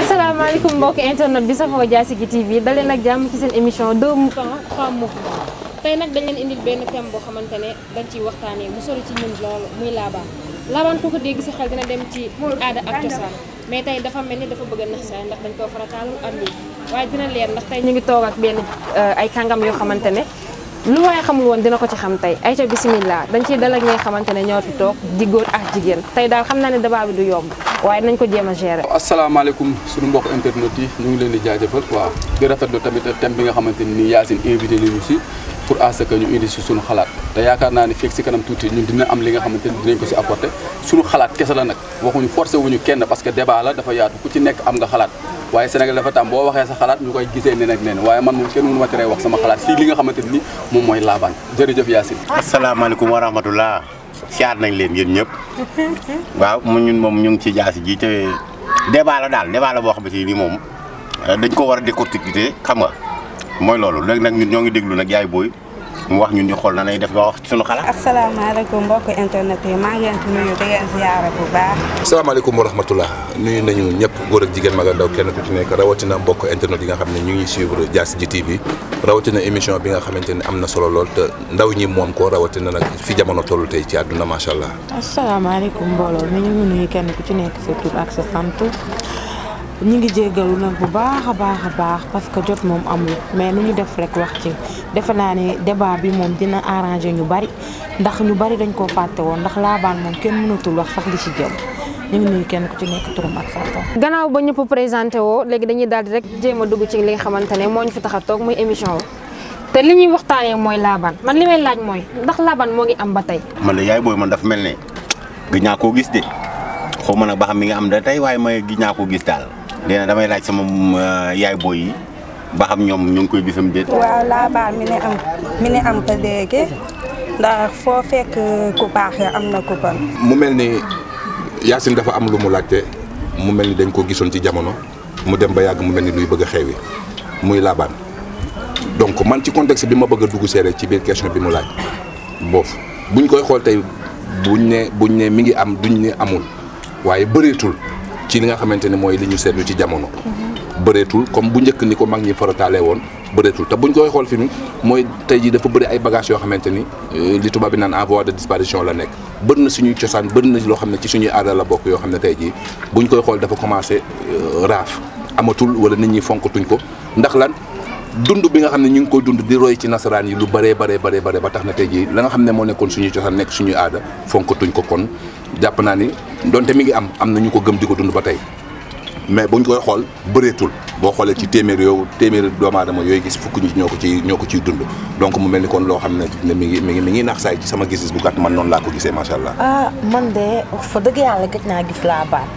asalaamaaleykum mbokk internet bi safoo Diassigui TV dalee nag jàmm ci seen émission deux mu trois mouvements tey nag dañ leen indil benn thème boo xamante ne dañ ciy waxtaanee mu sori ci ñun loolu muy laabaan laabaan ku ko dégg si xel dina dem ci aada ak mais tey dafa mel ni dafa bëgg a nax saay ndax dañ koo farataalul am lii waaye dina leer ndax tey ñu ngi toog ak benn euh, ay kàngam yoo xamante ne lu waaye xamul woon dina ko ci xam tey ca bisimilah dañ ciy dal ak ngay xamante ne ñoo fi toog di góor ak jigéen tey daal xam naa ne débat bi du yomb waaye nañ ko jéem a gérer. asalaamaaleykum suñu mbokk internet yi ñu ngi leen di jaajëfal waaw di rafetlu tamit thème bi nga xamante ni Yacine invité nañu si pour à ce que ñu indi si suñu xalaat. te yaakaar naa ne fekk si kanam tuuti ñun dina am li nga xamante ni dinañ ko si apporté suñu xalaat kese la nag waxuñu forcé wuñu kenn parce que débat la dafa yaatu ku nekk am xalaat waaye Sénégal dafa tam boo waxee sa xalaat ñu koy gisee ne nag nee na waaye man moom kenn mënu ma teree wax sama xalaat si li wa rahmatullah siyaar nañ leen yéen ñëpp waaw mu ñun moom ñu ngi ci jaasi ji te débat la daal débat la boo xamante ni moom dañ ko war a décortiquer xam nga mooy loolu léegi nag ñun ñoo ngi déglu nag yaay booy mu wax ñun ñu xool na lay def ba wax ci sunu xalaat. asalaamaaleykum mbokki internet yi maa ngi leen nuyu di leen bu baax. asalaamaaleykum wa rahmatullah nuyu nañu ñëpp góor ak jigéen mag ak ndaw kenn ci nekk rawatina mbokk internet yi nga xam ne ñu ngi suivre Diass Dji TV rawatina émission bi nga xamante ne am na solo lool te ndaw ñi moom ko rawatina nag fi jamono toll tey ci àdduna macha allah. asalaamaaleykum mbooloo mi ñu ngi nuyu kenn ku ci nekk sa tur ak sa sant. ñu ngi jéggalu nag bu baax a baax a baax parce que jot moom amul mais nu ñu def rek wax ci defe naa ne débat bi moom dina arrangé ñu bari ndax ñu bari dañ koo fàtte woon ndax laabaan moom kenn mënatul wax sax li ci jëm ñu ngi kenn ku ci nekk turam ak santam. gannaaw ba ñëpp présenté woo léegi dañuy daal di rek jéem a dugg ci li nga xamante ne moo ñu fi tax a toog muy émission wu li ñuy waxtaanee mooy laabaan man li may laaj mooy ndax laabaan moo ngi am ba tey. man de yaay booy man dafa mel ne gis naa koo gis de xaw ma nag ba xam mi nga am da tey waaye may gi naa ko gis daal nee na damay laaj sama euh, yaay booy yi ba xam ñoom ñu ngi koy gisam déet. waaw laabaan mi ne am mi ne am ba léegi ndax foo fekk euh, ku baax ya am na ku bon. mu mel ni Yacine dafa am lu mu laajte mu mel ni dañ ko gisoon ci jamono mu dem ba yàgg mu mel ni luy bëgg a xewi muy laabaan donc man ci contexte bi ma bëgg a dugg seere ci biir question bi mu laaj boofu buñ koy xool tey buñ ne buñ ne mi ngi am duñ ne amul waaye bëreetul. ci li nga xamante ne mooy li ñu seetlu ci jamono. bëreetul comme bu njëkk ni ko mag ñi farataalee woon bëreetul te buñ koy xool fi mu mooy tey jii dafa bëri ay bagages yoo xamante ni euh, li tubaab bi naan en voie de disparition la nekk bëri na suñuy cosaan bëri na loo xam ne ci suñuy aada la bokk yoo xam ne tey jii buñ koy xool dafa commencé euh, raaf amatul wala nit ñi fonkatuñ ko ndax lan. dund bi nga xam ne ñu ngi koy dund di roy ci nasaraan yi lu bëree bëree bëree bëri ba tax na tey jii la nga xam ne moo nekkoon suñuy cosaan nekk suñuy aada fonkatuñ ko kon jàpp naa ni donte mi ngi am am na ko gëm di ko dund ba tey mais buñ koy xool bëreetul boo xoolee ci téeméer yow téeméeri doomu aadama yooyu gis fukk ñi ñoo ko ci ñoo ko ciy dund donc mu mel ni kon loo xam ne mi ngi mi ngi mi ngi naax saay ci sama gis-gis bu gàtt man noonu laa ko gisee macha allah. ah man de fa dëgg yàlla gëj naa gis laa baat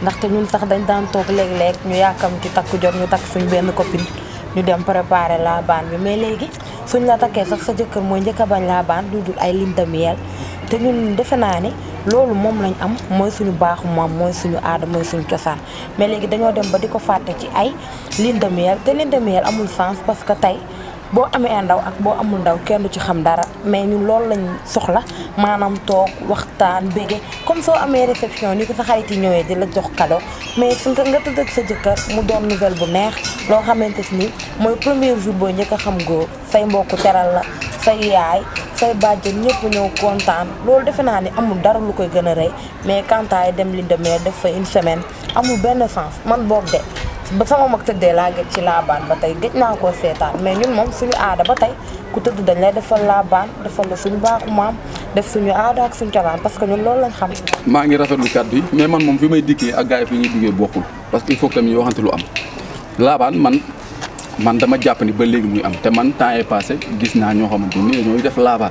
ndaxte ñun sax dañ daan toog léeg-léeg ñu yàkkam ci takku jot ñu takk suñu benn copine ñu dem préparer la bande bi mais léegi suñ la takkee sax sa jëkkër mooy njëkk a bañ la bande lu dul ay lune de te ñu defe naa ne loolu moom lañ am mooy suñu baaxu moom mooy suñu aada mooy suñu cosaan mais léegi dañoo dem ba di ko fàtte ci ay lune de miel te lune amul sens parce que tey boo amee ndaw ak boo amul ndaw kenn du ci xam dara mais ñu loolu lañ soxla maanaam toog waxtaan bége comme soo amee réception ni ko sa xarit yi ñëwee di la jox cadeau mais su nga tëdd ak sa jëkkër mu doon nouvelle bu neex loo xamante nii mooy premier jour boo njëkk a xam góor say mbokku teral la say yaay say bàjjen ñëpp ñëw kontaan loolu defe naa ni amul dara lu koy gën a rey mais kantaay dem li demee def fa une semaine amul benn sens man boog de ba sama mag tëddee laa gëj ci laabaan ba tey gëj naa koo seetaan mais ñun moom suñu aada ba tey ku tëdd dañ lay defal laabaan defal la suñu baaxu maam def suñu aada ak suñu cosaan parce que ñun loolu lañ xam. maa ngi rafetlu kàddu yi mais man moom fi may dikkee ak gars yi fi ñuy dikkee bokkul man man dama jàpp ni ba léegi muy am te man temps est passé gis naa ñoo xamante ni ñooy def laabaan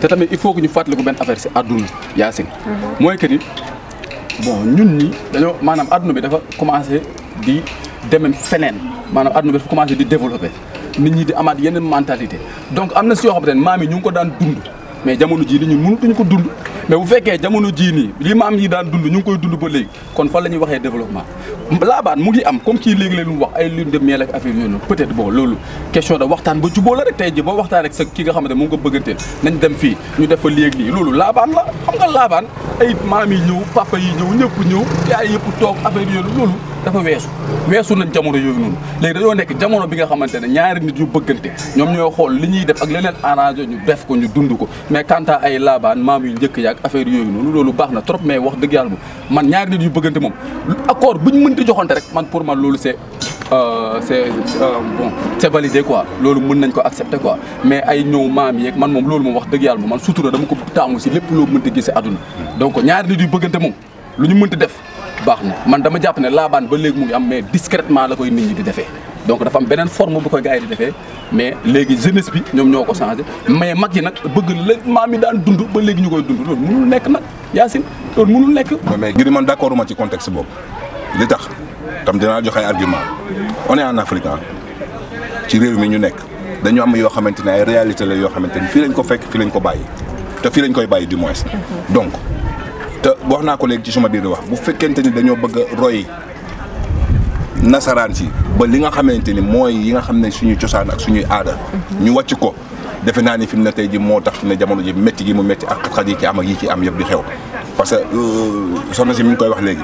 te tamit il faut que ñu fàttaliku benn affaire si àdduna Yacine. Mhm. mooy que ni bon ñun ñi dañoo maanaam àdduna bi dafa commencé di. demee feneen maanaam adduna bi dafa commencé di développé nit ñi di amaat yeneen mentalité donc am na si yoo xamante ñu ko daan dund mais jamono ji li ñu mënatuñ ko dund mais bu fekkee jamono ji ni li maam yi daan dund ñu koy dund ba légui kon fa la waxé développement la ban mu ngi am comme kii légui la ñu wax ay lune de miel ak affaire yooyu peut être bon lolu question da waxtaan ba jubóo la rek tay ji ba waxtaan rek sa ki nga xamante mo nga ko bëgganteel nañ dem fi ñu def fa léegi lolu la ban la xam nga la ban ay maam yi ñëw papa yi ñëw ñëpp ñëw yaay yëpp tok affaire yooyu lolu dafa weesu weesu nañ jamono yooyu noonu léegi dañoo nekk jamono bi nga xamante ne ñaari nit yu bëggante ñoom ñoo xool li ñuy def ak leneen arrangé ñu def ko ñu dund ko mais quant ay laabaan maam yu njëkk yaak affaire yooyu noonu loolu baax na trop mais wax dëgg yàlla man ñaari nit yu bëggante moom bu buñ mënti joxante rek man pour man loolu c'est euh, c'est euh, bon c'est validé quoi loolu mën nañ ko accepter ko mais ay ñëw maam yeeg man moom loolu moom wax dëgg yàlla man sutura dama ko taamu si lépp loo mënti gis si àdduna donc ñaari nit yu bëggante moom lu ñu mënti def baxna man dama japp ne la ban ba léegi mu ngi am mais discrètement la koy nit ñi di defee donc dafa am benen forme bu ko gaay di defee mais léegi jeunesse bi ñom ñoko changer mais mag yi nag bëgg la mami daan dund ba léegi ñukoy koy dund loolu mënul nek nak yassine loolu mënul nek mais ngir man d'accord ma ci contexte boobu li tax tam dina joxe argument on est en Afrique hein. ci réew mi ñu nek dañu am yo xamanteni ay réalité la yo xamanteni fi lañ ko fekk fi lañ ko bayyi te fi lañ koy bayyi du moins donc. te wax naa ko léegi ci suma biir wax bu fekkente ni dañoo bëgg a roy nasaraan si ba li nga xamante ni mooy yi nga xam ne suñuy cosaan ak suñuy aada. ñu wàcc ko defe naa ni fi mu ne tey ji moo tax ne jamono ji métti gi mu métti ak xat-xat yi ci am ak yi ci am yëpp di xew. parce que euh, soxna si mi ngi koy wax léegi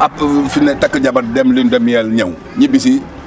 ab euh, fi ne takk jabar dem lune de miel ñëw ñibbi si.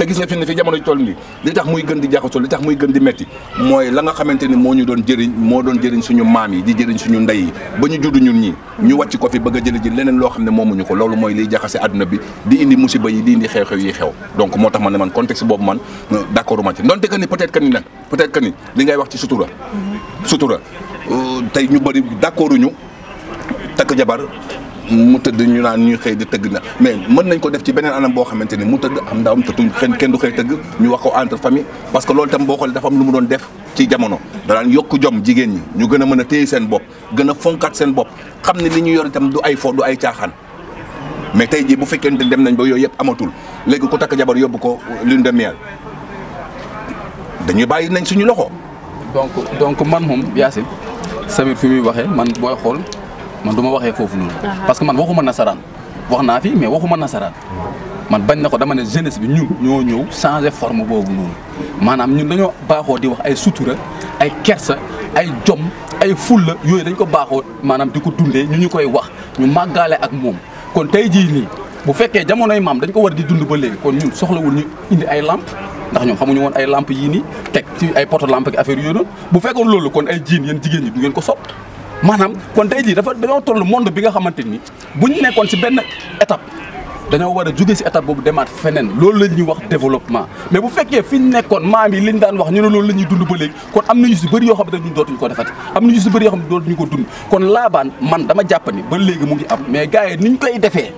te gis nga fi ne fi jamono ji toll nii li tax muy gën di jaxasoo li tax muy gën di metti mooy la nga xamante ni moo ñu doon jëriñ moo doon jëriñ suñu maam yi di jëriñ suñu ndey yi ba ñu judd ñun ñii ñu wàcc ko fi bëgg a jëli leneen loo xam ne moomuñu ko loolu mooy liy jaxase àdduna bi di indi musiba yi di indi xew-xew yi xew donc moo tax man ne man contexte boobu man euh, d'accord ma ci donte que ni peut-être que ni nag peut-être que li ngay wax ci sutura mm-hmm. sutura euh, tey ñu bëri d'accorduñu takk jabar mu tëdd ñu naan ñuy xëy di tëgg na mais mën nañ ko def ci beneen anam boo xamante ni mu tëdd am ndaw am tëtuñ xen kenn du ñu wax ko entre famille parce que loolu tam boo xoolee dafa am lu mu doon def ci jamono danaan yokk jom jigéen ñi ñu gën a mën a téye seen bopp gën a fonkat seen bopp xam ne li ñu yor tam du ay fo du ay caaxaan mais tey jii bu fekkente dem nañ ba yooyu yëpp amatul léegi ku takk jabar yóbbu ko lune de miel dañuy bàyyi nañ suñu loxo. donc donc man moom Yacine Samir fi muy waxee man booy xool man pas waxé je suis parce que man waxuma fi mais waxuma man bañ na dama ne jeunesse bi ñun ñoo ñew changer forme bobu noonu manam ñun dañoo baxo di wax ay sutura ay kersa ay jom ay fulla yoy dañ ko baxo manam diko dundé ñu ñukoy wax ñu se ak mom kon tey jii bu féké jamono maam dañ ko wara di dund ba légui kon ñun wul ñu indi ay lamp ndax xamu ñu won ay lamp yi ni ak affaire kon ay maanaam kon tey jii dafa dañoo toll monde bi nga xamante ni bu ñu nekkoon si benn étape dañoo war a jóge si étape boobu demaat feneen loolu la ñuy wax développement mais bu fekkee fi ñu nekkoon maam yi li daan wax ñu ne loolu la ñuy dund ba léegi kon am na ñu ne ñun dootuñu ko defati am na ñu si bëri yoo xam ne dootuñu ko dund kon laabaan man dama ba léegi mu ngi am mais gars koy defee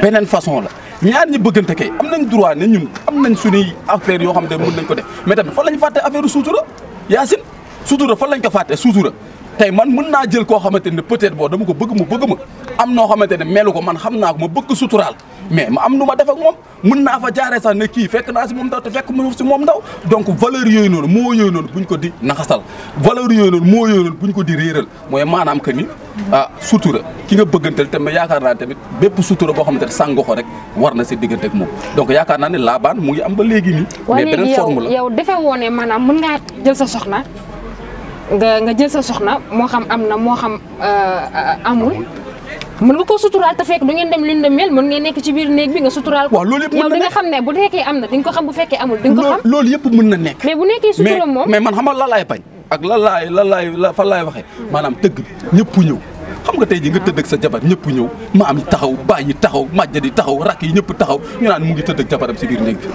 beneen façon la ñaar ñi bëggante kay am nañ droit ne ñun am nañ suñuy affaire yoo xam ne mën nañ ko def mais tamit fan lañ fàtte affaire suutura Yaasin suutura fan lañ ko fàtte suutura tey man mën naa jël koo xamante ne peut-être boo dama ko bëgg mu bëgg ma am noo xamante ne melu ko man xam naa ko ma bëgg suturaal mais ma am nu ma def ak moom mën naa fa jaaree sax ne kii fekk naa si fekk ma si moom ndaw donc valeur yooyu moo yooyu noonu buñ ko di naxasal valeur yooyu noonu moo yooyu noonu buñ di réeral mooy maanaam que ni ah sutura ki nga bëggantal te ma yaakaar naa tamit bépp sutura boo xamante ne sàngo ko rek war na si diggante ak donc yaakaar naa ne laabaan mu ngi am ba léegi nii mais beneen forme la mën ngaa jël sa soxna nga nga jël sa soxna moo xam am na moo xam euh, amul mën nga koo suturaal te fekk du ngeen dem linde mel mën ngeen nekk ci biir néeg bi nga suturaal ko waaw loolu yëpp yow di xam bu fekkee am na di nga ko xam bu nekk mais bu nekkee sutura moom mais man xam nga lan bañ ak lan laay lan laay fan laay waxee maanaam tëgg bi ñëpp ñëw xam nga tey ji nga tëdd ak sa jabar ñëpp ñëw maam yi taxaw baay yi taxaw majjat yi taxaw rakk yi ñëpp taxaw ñu naan mu ngi tëdd ak jabaram si biir néeg bi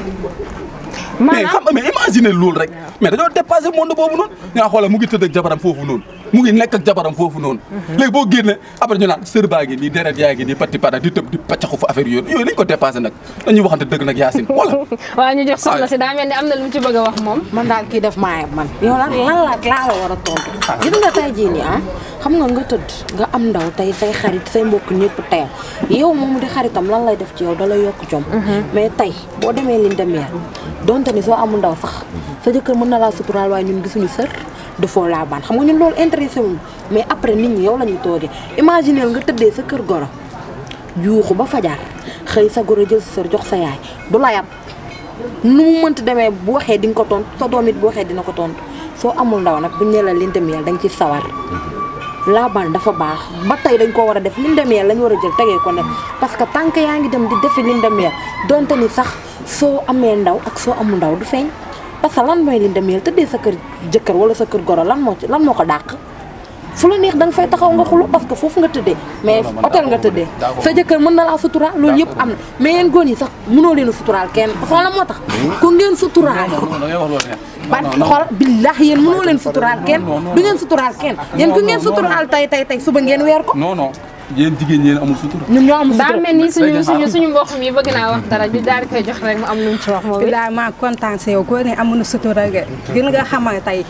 mais xam nga mais imagine loolu rek mais dañoo dépassé monde boobu noonu nga xoolal mu ngi tëdd jabaram foofu noonu mu ngi nek ak jabaram fofu non mhm. léegi bo guenne après ñu naan sër baa ni dérèb deret yaa ngi patti para di tepp di paccaxu fa affaire yoon yooyu nañ ko dépasser nak dañuy waxante deug nak Yacine wala wa ñu jox soxla ci da melni amna lu ci bëgg wax mom man dal ki def maay man yow lan lan la laa la wara a tontu ah. gis nga tay ji ni ah xam nga nga tëdd nga am ndaw tay fay xarit fay mbokk ñepp tay yow mom di xaritam lan lay def ci yow da lay yok jom mhm. mais tay bo démé liñ demee donte ni so amu ndaw sax sa jëkkeur mën na laa suturaal ñun gisunu sër defoo la ban xam nga ñun lool intéressé wu mais après nit ñi yow lañu kurgoro, imagine nga sa kër goro juuxu ba fajar xey sa goro jël sa jox sa yaay du la yab nu mu mënta démé bu waxé di nga ko tontu sa doom bu waxé dina ko tont so amul ndaw nak bu ne la ndem yel da ci sawar laabaan dafa baax ba tay dañ ko wara def li ndem yel lañ wara jël ko parce que tank yaangi dem di li ndem yel donte ni sax so amé ndaw ak so amul ndaw du feñ parce que lan moy li demel tëddee sa keur jeuker wala sa keur goro lan mo ci lan moko dak fu la neex dang fay taxaw nga xulu parce que fofu nga tedde mais hotel nga tedde sa jeuker mën na la sutura lool yep am mais yeen goni sax mëno leen sutural ken parce que lan moo tax hmm? ku ngeen suturaal ban xol billah yeen mëno leen sutural ken du ngeen sutural ken yeen ku ngeen sutural tay tay tay suba ngeen ko non non yéen jigéen yéen amul sutura. ñun ñoo amul sutura daa mel ni suñu suñu suñu mbokk mi bëgg naa wax dara ñu daal di koy jox rek si yow koo ne amuñu sutura nga gën nga xamal tey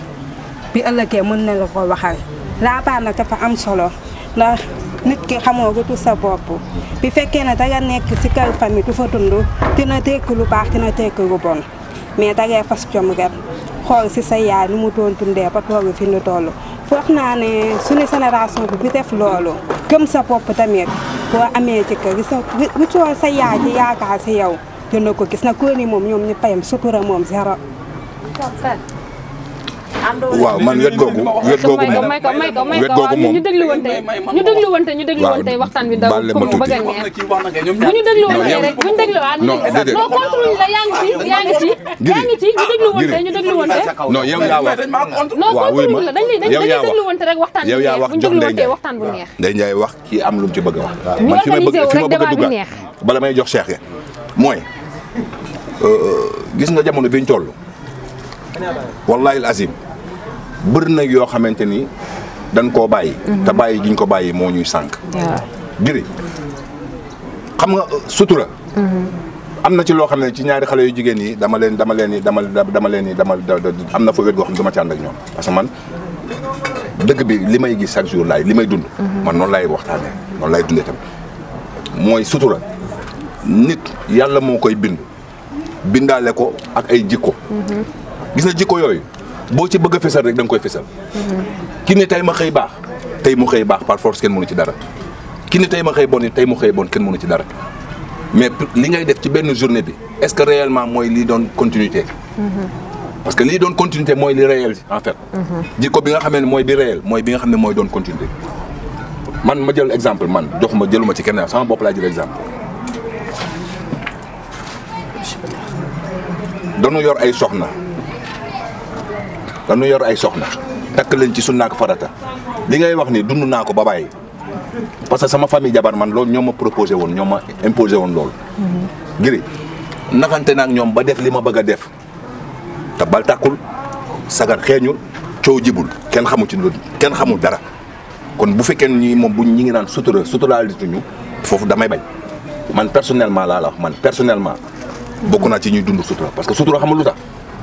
bi ëllëgee mën na la ko waxal laabaar nag dafa am solo ndax ki xamoo ko sa bopp bi fekkee ne danga nekk si kër famille du fa dund dina tekk lu baax dina tekk lu bon mais dangay fas jom gat xool si sa yaay nu mu doon dundee ba toog fi ñu toll naa ne suñu génération bi bi def loolu. gëm sa bopp tamit boo amee ci sa bu coo sa yaay ci yaakaar si yow dina ko gis na ko ni moom ñoom ñu payam sutura moom zéro waaw man wet googu wet googu moom wet googu moom ñu dégluwante ñu dégluwante ñu dégluwante waxtaan bi daw ko mu bëgg a neex bu ñu dégluwante rek bu ñu dégluwaat la yaa ngi ci yaa ngi yaa ngi ci ñu dégluwante ñu dégluwante non yow yaa wax non contre la dañ lay dañ lay dégluwante rek waxtaan bi waxtaan bu neex Ndeye Ndiaye wax kii am lu ci bëgg a wax man fi ma bëgg fi ma bëgg a dugg bala may jox Cheikh mooy euh, gis nga jamono biñ toll wallahi al bëri na yoo xamante ni dañ koo bàyyi. Mhm. te bàyyi gi ñu ko bàyyi moo ñuy sànq. Giri xam nga euh, sutura. Mhm. am na ci loo xam ne ci ñaari xale yu jigéen yi dama leen dama leen ni dama dama leen ni dama am na fa wér goo xam ne dama ci ànd ak ñoom parce que man dëgg bi li may gis chaque jour laay li may dund. Mhm. man noonu laay waxtaanee noonu laay dundee tamit mooy sutura nit yàlla moo koy bind bindaale ko ak ay jikko. gis na jikko yooyu. Si tu bëgg faire tu le koy ki ne tu ma xëy mu par force tu mënu ci dara ki ne pas ma bon tu mu bon mais li tu def ci journée est-ce que réellement une continuité. Mm-hmm. parce que lii donne continuité c'est li réel en fait. ce mm-hmm. bi nga sais ne réel mooy bi nga xam ne continuité. Je ma un exemple man ne ma pas ci kenn sama jël exemple. dañu yor ay soxna tak leen ci sunna ak farata li ngay wax ni dund nako ba baye parce que sama famille jabar man lool ñoma proposer won ñoma imposer won lool giri naxante nak ñom ba def lima bëgga def ta bal takul sagar xéñul ciow jibul ken xamu ci lool ken xamu dara kon bu fekkene ni mom bu ñi ngi naan sutura tuñu fofu damay bañ man personnellement la la wax man personnellement bokuna ci ñuy dund sutura parce que sutura xamul lutax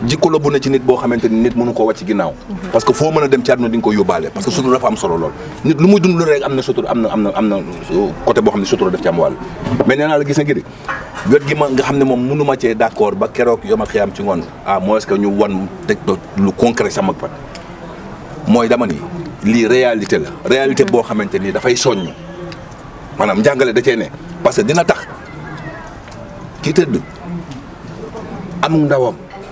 jikko la bu ne ci nit boo xamante ni nit mënu koo ci ginnaaw mhm. parce que foo mën a dem ci àdduna di nga ko yóbbaale parce que sutura dafa am solo lool nit lu muy dund lu rek am na sutura am na am boo xam ne sutura daf ci am wàll mais nee naa la gi ma nga xam ne moom mënuma cee d'accord ba keroog yoma xiyam ci ngoon ah mooy est-ce que ñu wan teg lu concret sama pat mooy lii réalité la réalité boo xamante nii dafay soññ maanaam njàngale da cee ne parce que dina tax ki tëdd am ndawam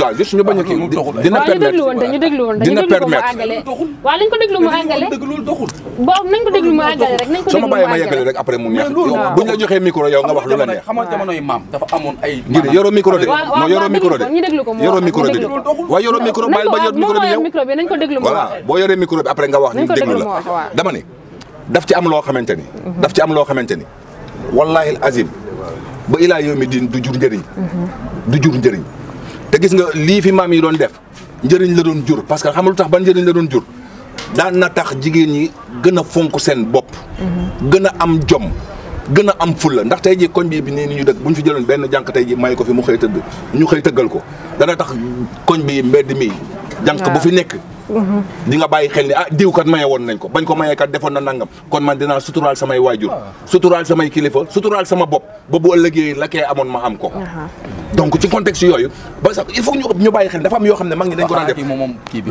waaw juste ñu bañ ko déglu mu àggale. rek après mu neex. bu ñu la joxee micro nga wax lu la neex. xam nga jamonoy maam dafa ba yor micro bi yow nañu ko déglu mu wax boo yoree micro bi après nga wax ñu ci am loo xamante ni mhm. daf ci am loo wallahi azim ba ilaa yow mi du jur njëriñ mhm. te gis nga lii fi maam yi doon def njëriñ la doon jur parce que xam lu tax ba njëriñ la doon jur daan na tax jigéen ñi gën a fonk seen bopp. gën a am jom gën a am fulla ndax tey jii koñ bii bi nii ni ñu dëkk bu ñu fi jëloon benn jànk tey jii may ko fi mu xëy tëdd ñu xëy tëggal ko dana tax koñ bi mbedd mi. janq bu fi nekk. di nga bàyyi xel ni ah diw kat maye woon nañ ko bañ ko mayee defoon na nangam kon man dinaa suturaal samay waajur. suturaal samay kilifa suturaal sama bopp ba bu ëllëgee amoon ma am ko. donc ci context yooyu ba sax il faut ñu ñu xel dafa am yoo xam ne mag ñi dañ ko def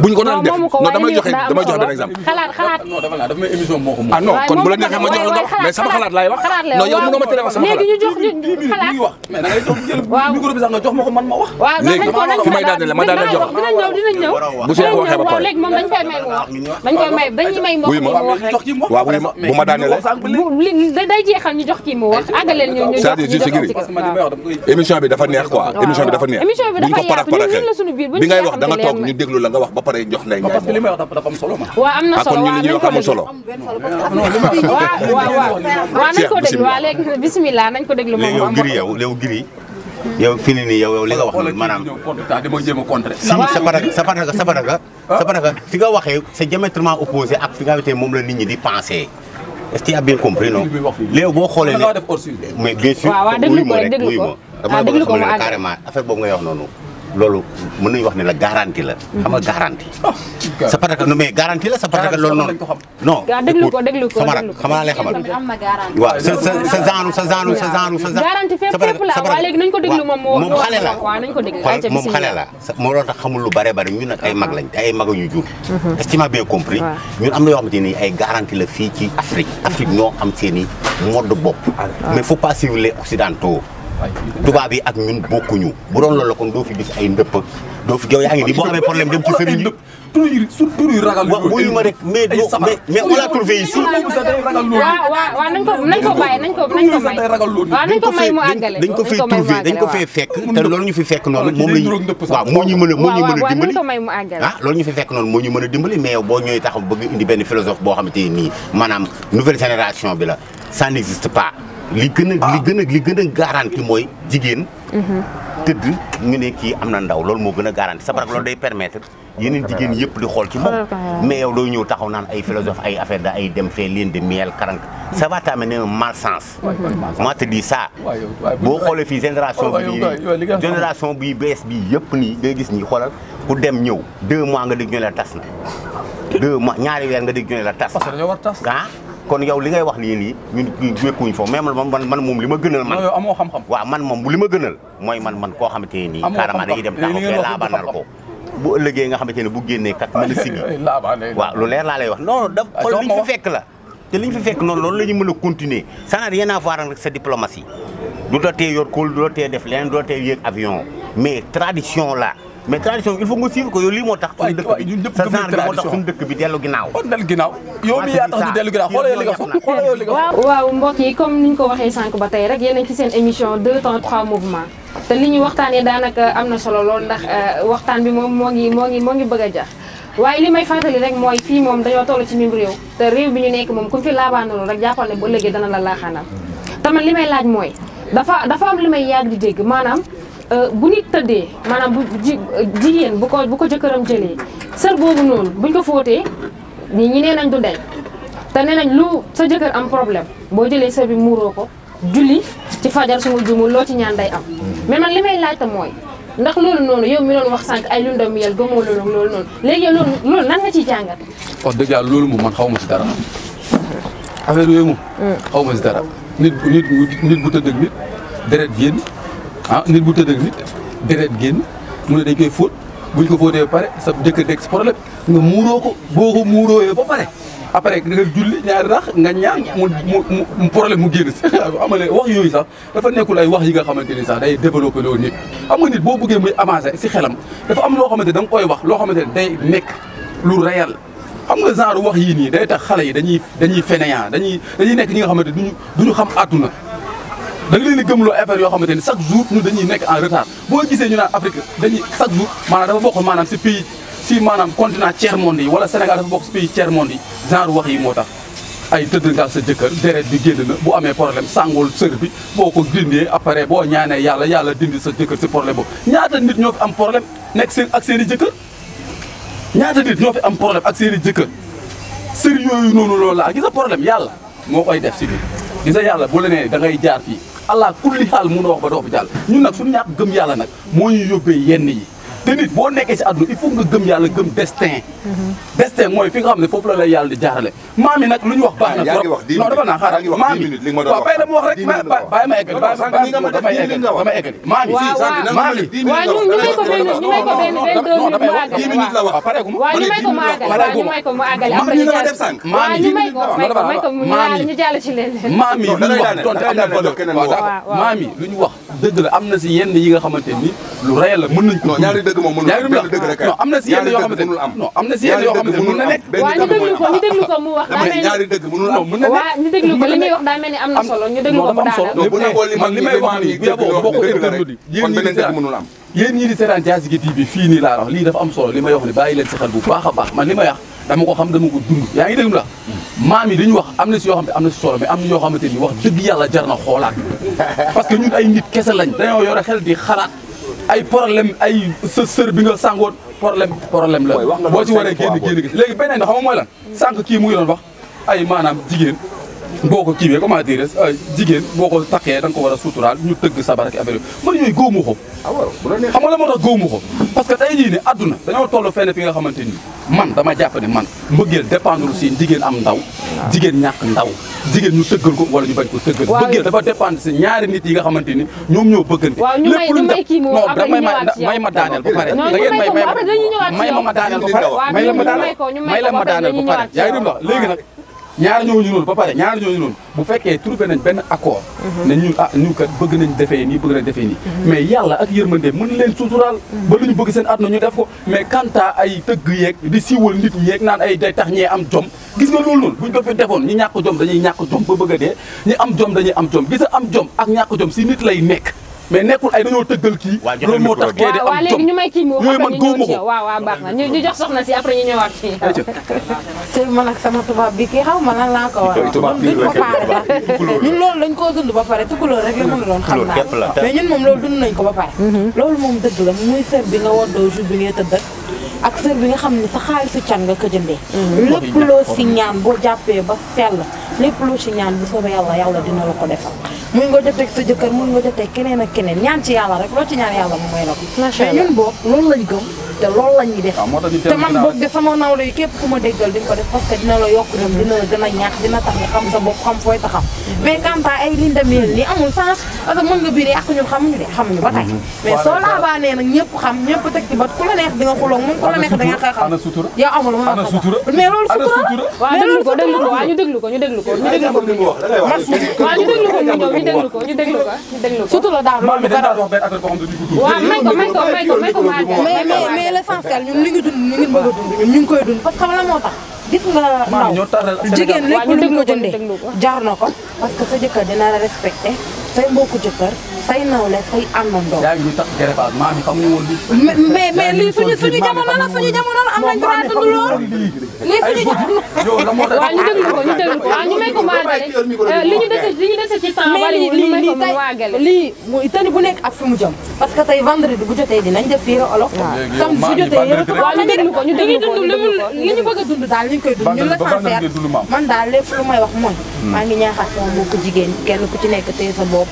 buñ ko daan def non damay joxe benn exemple xalaat xalaat ah, non dama la dafa may émission moo ko ah non kon bu la neexee ma jox ko sama xalaat laay wax non ma tere wax sama xalaat léegi ñu jox ñu xalaat wax mais da ngay toog ma daan man ma wax léegi fi may daanale ma daanale jox dinañ ñëw dinañ ñëw bu Cheikh waxee wax waaw ma daan ma daanale day jeexal ñu jox kii mu wax àggaleel ñu ñu cest à émission bi dafa neex waa émission bi dafa neex émission bi dafa yaatu ñun ngay wax da toog ñu déglu la nga wax ba pare jox ndey ñaay parce que ah, wax ko déglu waaw waaw waaw nañ ko déglu waaw léegi bismillah nañ ko déglu moom yow giri yow léegi giri yow fii nii nii yow nga wax noonu maanaam dama jéem a contrer sapanaga sapanaga sapanaga ah. fi nga waxee c'est diamétralement ak fi nga wetee moom la nit ñi di penser est-ce que tu bien compris non boo xoolee ne mais bien sûr wuyu rek dama ah, bëgg xam ne carrément affaire boobu ngay wax wax ne la garantie la mhm. xam nga garantie oh, c'est parce mais garantie la c'est parce que loolu noonu non déglu ko déglu ko sama rak xam naa lay xamal waaw sa sa genre sa genre sa genre sa garantie la moom moom xale la waaw nañ ko moom xale la moo loolu tax xamul lu bare bare ñun nag ay mag lañ ay mag yu jur mhm. est-ce que ma bien compris ñun am na yoo xamante ni ay garantie la fii ci Afrique Afrique ñoo am seen i mode bopp ah. mais faut pas suivre les occidentaux tubaab yi ak ñun bokkuñu bu doon loolu la kon doo fi gis ay ndëpp doo fi yow yaa ngi nii boo amee problème dem ci sëriñ yi wuyu nañ ko nañ ko bàyyi nañ ko nañ ko may waaw nañ ko may mu àggale dañ ah, ko fay trouvé dañ ko fay fekk te loolu ñu fi fekk noonu moom lañ waaw moo moo mën a dimbali loolu ñu fi fekk noonu moo ñu mën a dimbali mais yow boo ñëwee taxaw bëgg indi benn philosophe boo xamante nii maanaam nouvelle génération bi la ça n'existe pas li gën a li ah. gën a li gën a garanti mooy jigéen. Mhm. tëdd ñu ne kii am na ndaw loolu moo gën a garanti sabarak loolu day permettre yeneen jigéen yëpp di xool ci moom mais yow doo ñëw taxaw naan ay philosophe ay affaire da ay dem fee leen di miel karank ça va t'amener un malsens moi te dis ça boo xoolee fii génération bi nii génération bi bees bi yëpp nii ngay gis ñi xoolal ku dem ñëw deux mois nga dégg ñu la tas na deux mois ñaari weer nga dégg ñu la tas na ah kon yow li ngay wax lii nii ñun wékkuñ foofu même man man moom li ma gënal man amoo xam-xam waaw man moom li ma gënal mooy man man koo xamante ne nii carrément dañuy dem taxaw fee laabanal ko bu ëllëgee nga xamante ne bu génnee kat mën a sigi waaw lu leer laa lay wax non da ah, xool liñ fi fekk la te liñ fi fekk noonu loolu la ñu mën a continuer ça n'a rien à voir ak sa diplomatie du la tee yor kóol du la tee def leneen du la tee yéeg avion mais tradition la mais tradition bi il faut nga suivre ko yow lii moo tax. waay waay ñun ñëpp gëm nañu tradition sa genre bi moo tax suñu dëkk bi dellu ginnaaw. waaw dellu ginnaaw yow yaa tax ñu dellu ginnaaw xoolal yow li waaw mbokk yi comme ni ñu ko waxee sànq ba tey rek yéen ci seen émission deux temps trois mouvements te li ñu waxtaanee daanaka am na solo lool ndax euh, waxtaan bi moom moo ngi moo ngi moo ngi bëgg a jax waaye li may fàttali rek mooy fii moom dañoo toll ci mim réew te réew bi ñu nekk moom ku fi laabaanaloo rek jàppal ne bu ëllëgee dana la laaxaanal te man li may laaj mooy dafa dafa am li may yàgg di dégg maanaam Euh, bu nit tëddee maanaam bu ji jigéen bu ko bu ko jëkkëram jëlee sër boobu noonu buñ ko fóotee ñi ñi nee nañ du day te nee nañ lu sa jëkkër am problème boo jëlee sër bi muuroo ko julli ci fajar su ma loo ci ñaan day am mm-hmm. mais man li may laajte mooy ndax loolu noonu yow mi doon wax sànq ay lundam yel gëmoo loolu loolu noonu léegi loolu loolu nan nga ciy jàngat wax dëgg yàlla loolu moom man xaw ma si dara affaire yooyu moom mm. xaw ma si dara nit nit nit bu tëdd nit deret génn ah nit bu tëdd ak nit deret génn mu ne dañ koy fóot buñ ko fóotee ba pare sa jëkkër deg si problème nga muuroo ko boo ko muuroowee ba pare après nga julli ñaari rax nga ñaan mu mu problème mu génn si amale wax yooyu sax dafa nekkul ay wax yi nga xamante ni sax day développé loo nit xam nga nit boo bëggee muy avancé si xelam dafa am loo xamante da nga koy wax loo xamante ne day nekk lu réel xam nga genre wax yii nii day tax xale yi dañuy dañuy fainéant dañuy dañuy nekk ñi nga xamante duñu duñu xam àdduna da nga leen di gëmloo affaire yoo xamante ni chaque jour ñu dañuy nekk en retard boo gisee ñu naan Afrique dañuy chaque jour maanaam dafa bokk maanaam si pays si maanaam continent tiers monde yi wala Sénégal dafa bokk si pays tiers monde yi genre yi moo tax a tëdd nga sa jëkkër deret bi génn na boo amee problème sàngool sër bi boo ko dindee après boo ñaanee yàlla yàlla dindi sa jëkkër si problème boobu ñaata nit ñoo fi am problème nekk seen ak seen i jëkkër ñaata nit ñoo fi am problème ak seen i jëkkër sër yooyu noonu loolu laa gis nga problème yàlla moo koy def si biir gis yàlla bu la nee da fii allah kulli xaal mënoo wax ba doo fi jàll ñun nag suñu ñàkk gëm yàlla nag moo ñu yóbbee yenn yi te nit boo si àdduna il faut nga gëm yàlla gëm destin. destin mooy fi nga xam ne foofu la lay yàlla di jaarale. nag lu ñu wax baax na trop naa xaaral maam yi waaw bàyyi la mu wax rek bàyyi ma eggali damay eggali damay eggali maam yi si sànq maam yi waaw ñu ñu may ko benn ñu may ko benn benn deux minutes mu àggali waaw pareeguma waaw ñu may ko mu àggali waaw ñu mu àggali ñu wax donte am na valeur ñu wax dëgg moom mënul am benn dëgg rek na si yenn yoo xamante am na si yenn na nekk waaw ñu déglu am na nekk waaw ñu déglu ko li muy am na solo ñu déglu ko bu daanaka bu yi kon laa wax lii dafa am solo li may wax ni bàyyi leen si bu baax a baax man li may wax dama ko xam dama ko dund yaa ngi dégg la maam na si yoo xam ne am na si solo mais xel di xalaat ay problème ay sa sër bi nga sàngoon problème problème la boo ci waree génn génn gi léegi beneen bi xam nga mooy lan sànq kii mu ngi doon wax ay maanaam jigéen boo ko kiiwee comment dire euh, jigéen boo ko takkee da ko war a suturaal ñu tëgg sabar ak affaire yooyu man yooyu góomu ko ah xam nga la moo tax góomu ko parce que tey jii ne adduna dañoo toll fenn fi ni man dama jàpp ne man mbëggeel dépendre si jigéen am ndaw jigéen ñàkk ndaw jigéen ñu tëggal ko wala ñu bañ ko tëggal mbëggeel dafa dépendre si ñaari nit yi nga xamante ni ñoom ñoo bëggante lépp lu def non damay may ma daaneel ba pare da may ma daaneel ñaar ñooñu noonu ba pare ñaar ñooñu noonu bu fekkee trouvé nañ benn accord mhm. nañ ñun ah, ñu kat bëgg nañ defee nii bëgg nañ defee nii mhm. mais yàlla ak yërmande mën leen suturaal mhm. ba lu ñu bëgg seen àdduna ñu def ko mais kanta ay tëgg yeeg di siiwal nit ñeeg naan ay day tax ñee am jom gis nga loolu noonu buñ ko fi defoon ñi ñàkk jom dañuy ñàkk jom ba bëgg dee ñi am jom dañuy am jom gis nga am jom ak ñàkk jom si nit lay nekk mais nekkul ay dañoo tëggal kii. waaw joxe micro bi waaw waaw léegi ñu may kii mu na ñu man ak sama tubaab bi kii xaw ma lan laa ko war a. tubaab la ñun loolu dañ dund ba pare tukulóor rek la mën mais ñun moom ko ba pare. Mm-hmm. loolu moom dëgg la muy sër bi nga woddoo bi ngay tëdd ak. ak sër bi nga xam ne sa xaalisu can nga ko mm-hmm. lépp loo si ñaan boo jàppee ba sell lépp lu ci ñaan bu soobee yàlla yàlla dina la ko defal muy nga jotee sa jëkkër muy nga jotee keneen ak keneen ñaan ci yàlla rek loo ci ñaan yàlla mu may la ko. macha allah mais ñun boobu loolu lañ gëm. te loolu la ñuy te man bëgg sama nawle képp ku ma déggal di ko def parce que dina la yokk dem dina la dina tax nga xam sa bopp xam fooy taxaw mais quant à ay liñ demee nii amul sens parce que mën nga biir yàq xamuñu de xamuñu ba tey mais soo laabaanee nag ñëpp xam ñëpp teg ci bat ku la neex di nga xuloog moom ku la neex da nga xaaxal yow amul ma wax mais loolu sutura ko déglu ko waaw ko ñu ko ñu ko mu ko mu ko ñu ko ñu ko may ko may ko may ko may mais l'essentiel ñun li nga dund ñu ngi bëgg a dund ñun ñu ngi koy dund parce que xam la moo tax gis nga ndaw jigéen lépp lu mu ko jaar na ko parce que sa jëkkër dina la respecté say mbokku jëkkër say nawle say àndandoo. yaa ngi tax gërëfaat maa mi xamuñu woon mais mais lii suñu suñu jamono la suñu jamono la am nañu ko daan dund lool. lii suñu jamono. waaw ñu déglu ko ñu déglu ko waaw ñu may ko euh, li ñu dese li ñu dese ci lii lii nekk ak fi mu jëm. parce que tey vendredi bu jotee dinañ def fii olof. waaw sam bu jotee yëpp. ko ñu déglu ko ñu déglu dund daal li ñu man daal lépp lu may wax mooy hmm. maa ngi ñaaxaat sama mbokku jigéen kenn ku ci nekk tey sa bopp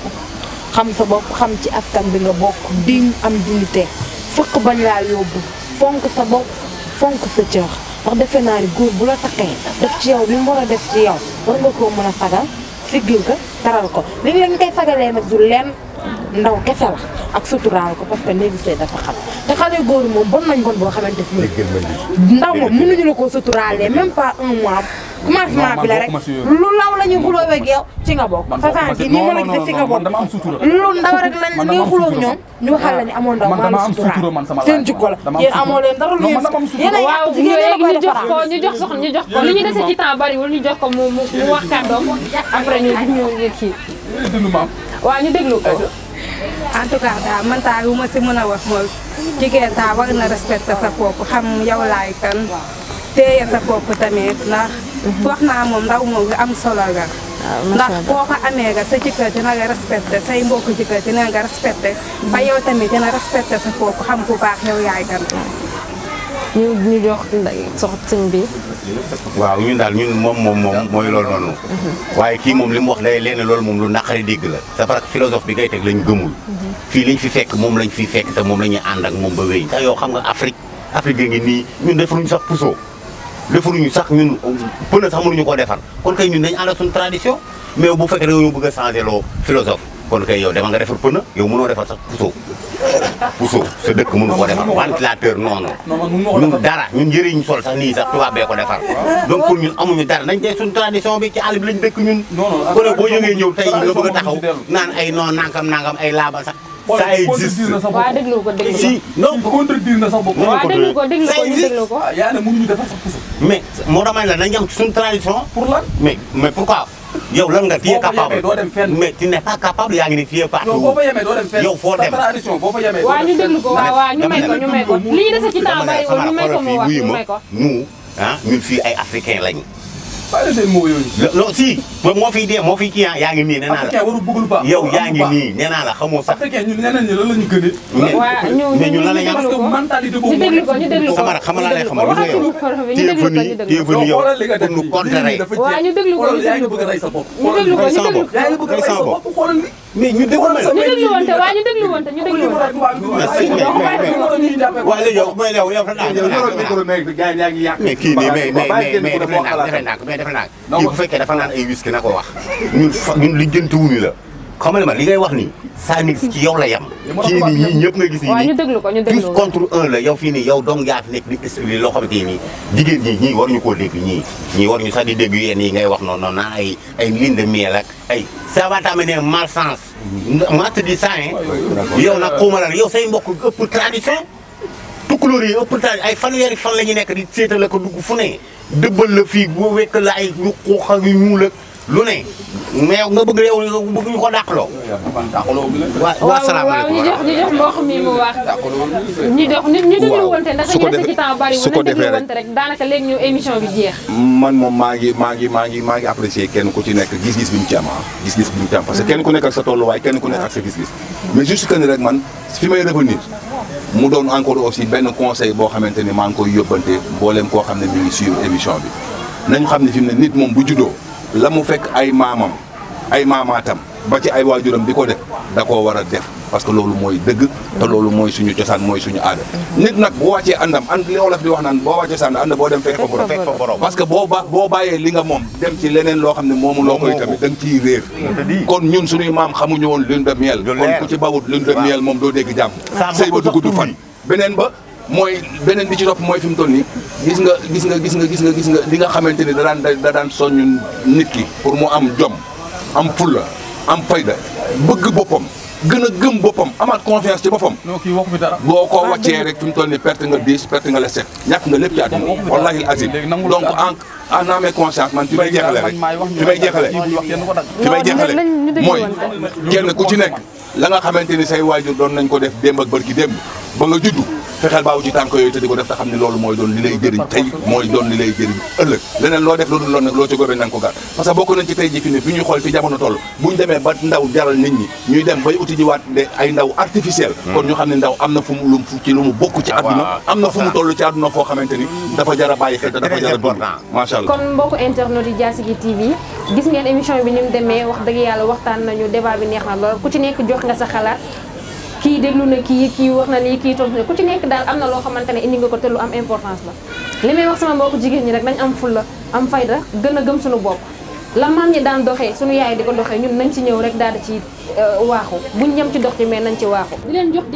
xam sa bopp xam ci askan bi nga bokk diñ am dignité fëkk bañ laa yóbbu fonk sa bopp fonk sa cër ndax defe naa ni góor bu la taxee def ci yow li mu war a def ci yow war nga koo mën a fagal siggil ko taral ko li ñu koy fagalee nag du lenn ndaw kese la ak suturaal ko parce que néegu dafa xam te xale yu góor moom bon nañ bon boo xamante ni ndaw moom mënuñu la koo suturaalee même pas un mois commencement bi la rek lu law la ñuy xulóowee ak yow ci nga bokk façon gi ni ma la gisee ci nga bokk lu ndaw rek lañ ngay xulóo ak ñoom ñu waxal la ni amoo a waaw ñu déglu ko en tout cas daal man taal ma si mën a wax mooy jigéen taa war na respecté sa bopp xam yow laay kan téye sa bopp tamit ndax mhm. wax naa moom ndaw moom lu am solo la ah, ndax boo ko amee nga sa jëkkër dina nga respecté say mbokk jëkkër dina nga respecté ba yow tamit dina respecté sa bopp xam bu baax yow yaay kan ah. ñu ñu jox sox sëñ bi. waaw ñun daal ñun moom moom moom mooy loolu noonu. Mhm. waaye kii moom li mu wax day leen loolu moom lu naqari dégg la. c'est parce que bi ngay teg lañ gëmul. Mhm. fii lañ fi fekk moom lañ fi fekk te moom la ñuy ànd ak moom ba wéy. te yow xam nga Afrique Afrique ngi nii ñun defaluñ sax puso defaluñu sax ñun pënë sax mënuñu ko defar kon kay ñun dañ ànd ak suñu tradition mais bu fekkee da nga bëgg a changé loo philosophe. kon kay yow demal nga defar pëna yow mënoo defar sax puso puso sa dëkk mënu ko defar ventilateur noonu ñun dara ñun yëre ñu sol sax nii sax tubaab bee ko defar ah. donc pour ñun amuñu dara nañ dee suñ tradition bi ci àll bi lañ dëkk ñun kon boo ñëwee ñëw tey nga bëgg a taxaw naan ay noon nangam nangam ay laaba sax ça sax sax ah, puso moo damay la nañ am suñ tradition pour lan mais mais yow lan nga fii capable mais tu n'es pas capable yaa ngi ni fii partout yow foo dem waaw ñu déglu ko waaw waaw ñu may ko ñu may ko lii dese ci temps bari woon ñu may ko mu ñu may ko nous ah ñun fii ay africain lañu bàyyi seen moo yooyu. non si moo fiy dee moo fiy kii yaa ngi nii nee naa la. warul bëggul baax yow yaa ngi nii nee naa la xamoo sax. ñun nee nañ ne lan la ñu gën a. ñu ñu lan la ñu parce que mentalité boobu. ñu déglu ko ñu déglu ko sama xam laa lay xamal. waxatu ko ñu déglu ko ñu déglu ko yow pour ñu contrer. waaw ñu déglu ko ñu déglu ko xoolal yaa ngi bëgg a rey sa bopp. ñu déglu ko ñu déglu ko xoolal sama bopp xoolal mais ñu déglu sa ñu déglu woon te waaye ñu déglu woon te ñu déglu woon. waaye léegi yow mooy yow yow dafa naan mais kii nii mais mais mais dafa naan dafa mais dafa naan kii bu fekkee dafa naan ay whisky na ko wax ñun fa ñun la xamal ma li ngay wax ni Sanix ci yow la yam ci ni ñepp ñëpp nga gis ni waaw ñu déglu ko ñu déglu ko contre 1 la yow fii nii yow dong yaa nek nekk di expliquer loo xamante ni jigéen ñi ñii waruñu koo dégg ñi war ñu sa di dégg yeen yi ngay wax non noonu ay ay ligne de miel ak ay. ça va t'amener malchance. ma te di saa hein? yow nag xuma la yow say mbokk ëpp tradition. tukkulóor yi ëpp tradition ay fanweeri fan lañu nek di seetal ko dugg fu ne deubal la fi bo wékk la ay ñu xoox ak yu ak lu ne mais nga bëgg réew bëgg ñu ko dàqloo. waaw waaw salaamaaleykum ñu jox ñu jox mboq mi mu wax. ñu dox ñu su ko woon te ndax ñetti rek daanaka léegi ñu émission bi jeex. man moom maa ngi maa ngi maa ngi maa ngi apprécier kenn ku ci nekk gis-gis bi ñu ci am ah. gis-gis bi ñu ci am parce que kenn ku nekk ak sa tolluwaay kenn ku nekk ak sa gis-gis. mais juste que ni rek man fi may revenir mu doon encore aussi benn conseil boo xamante ni maa ngi koy yóbbante mboolem koo xam ne mi ngi émission bi nañu xam ne fi mu nit moom bu juddoo la mu fekk ay maamam ay maamaatam ba ci ay waajuram di ko def da war a def parce que loolu mooy dëgg te loolu mooy suñu cosaan mooy suñu aada nit nag boo wàccee àndam ànd li wolof di wax naan boo wàccee sànn ànd boo dem fekk fa borom parce que boo ba boo bàyyee li nga moom dem ci leneen loo xam ne moomu loo koy tamit da nga réer kon ñun suñuy maam xamuñu woon lune de miel kon ku ci bawut lune de miel moom doo dégg jàmm sëy ba dugg du fan beneen ba mooy beneen bi ci topp mooy fi mu toll nii gis nga gis nga gis nga gis nga gis nga li nga xamante ni da daan da daan soññ nit ki pour mu am jom am fulla am fayda bëgg boppam gën a gëm boppam amaat confiance ci boppam. non kii waxu fi dara. boo ko wàccee rek fi mu toll nii perte nga dix perte nga la set. ñàkk nga lépp ci àdduna wallahi azim donc en en amee conscience man fi may jeexale rek fi may jeexale fi may jeexale mooy kenn ku ci nekk la nga xamante ni say waajur doon nañ ko def démb ak bërki démb ba nga juddu. fexeel baawu ci tànk yooyu te ko def te xam ne loolu mooy doon li lay jëriñ tey mooy doon li lay jëriñ ëllëg leneen loo def loolu loon ci góobee na ko gar parce que bokk nañ ci tey ji fi bi ñuy xool fi jamono toll buñ demee ba ndaw jaral nit ñi ñuy dem bay uti ji waat de ay ndaw artificiel hmm. kon ñu xam ne ndaw am na fu mu lu mu bokk ci ah, àdduna am na fu mu toll ci àdduna foo xamante ni dafa jar bàyyi xel te dafa jar a dund macha kii déglu na kii kii wax na lii kii tontu na ku ci nekk daal am na loo xamante ne indi nga ko te lu am importance la li may wax sama mbokku jigéen ñi rek dañ am fulla am fayda gën a gëm suñu bokk la maam ñi daan doxee suñu yaay di ko doxee ñun nañ ci ñëw rek daal di ci euh, waaxu buñ ñam ci dox ci mais nañ ci waaxu di leen jox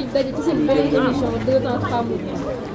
di daje